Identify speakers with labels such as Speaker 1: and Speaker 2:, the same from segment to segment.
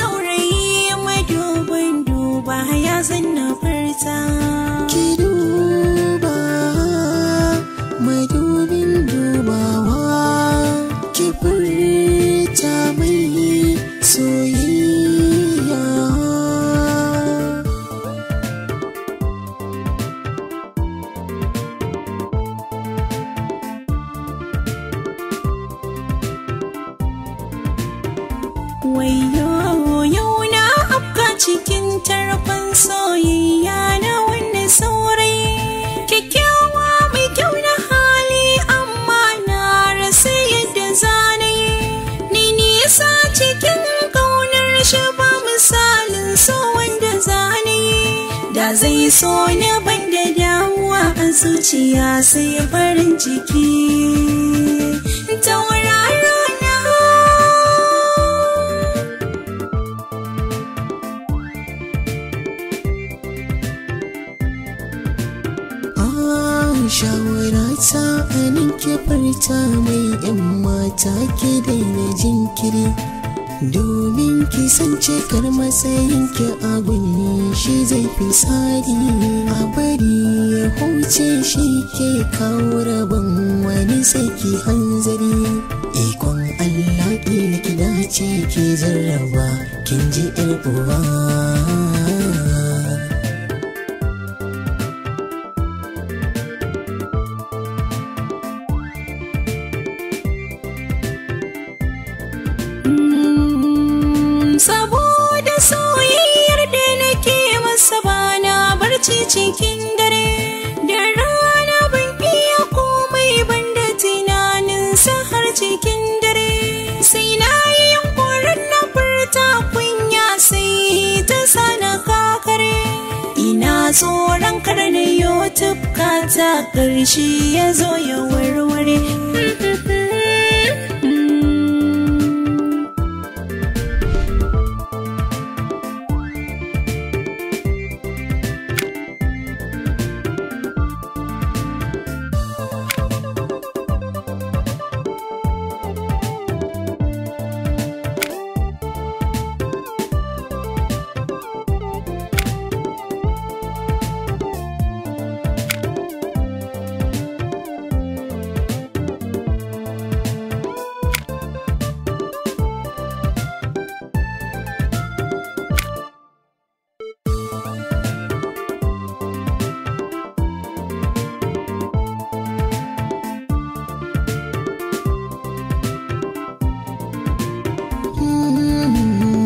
Speaker 1: Saurari madubin duba ya zanna farta ki duba
Speaker 2: madubin dubawa ki furta mai soyayya
Speaker 1: cikin tarfan soyayya na wani saurayi kyakkyawa mai kyau na hali amma na rasa yadda zanayi ni nisa cikin kaunar shi ba misalin so wanda zanayi da zai so na banda damuwa a zuciya sai farin ciki
Speaker 2: shawara ta a ninke farta mai yan mata ke daina jinkiri domin ki san cikar matsayin ki abin shi zai fi tsari a bari ya huce shi ke kawo rabon wani saki hanzari ikon allah ƙila ki dace ki zarraba kin ji uwa.
Speaker 1: bacci cikin dare da rana ban iya komai ban da tunanin sa har cikin dare sai na yi yunkurin na furta kunya sai ta sana kakare ina tsoron karnayo tufka ta ƙarshe ya zo ya warware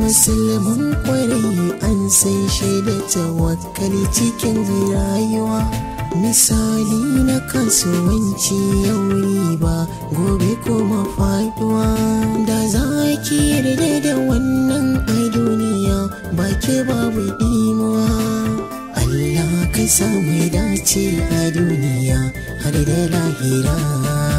Speaker 2: musulmin kwarai an san shaida tawakkali cikin rayuwa misali na kasuwanci yau ba gobe kuma faduwa da za ki yarda da wannan a duniya ba ke babu imuwa Allah kai samu dace a duniya har da lahira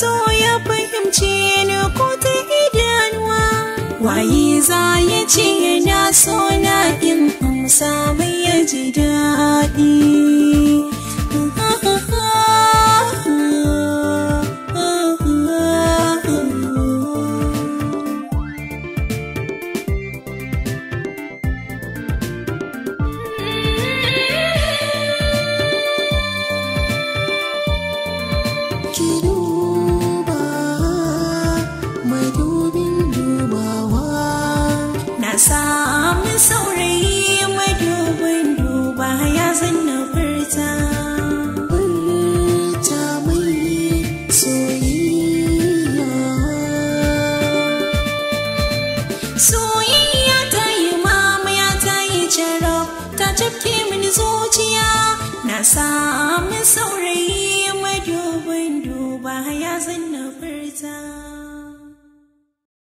Speaker 1: so ya fahimce ni ko ta idanuwa waye za ya ce na so na in amsa mai ya ji daɗi na sami saurayi madubin duba ya zanna furta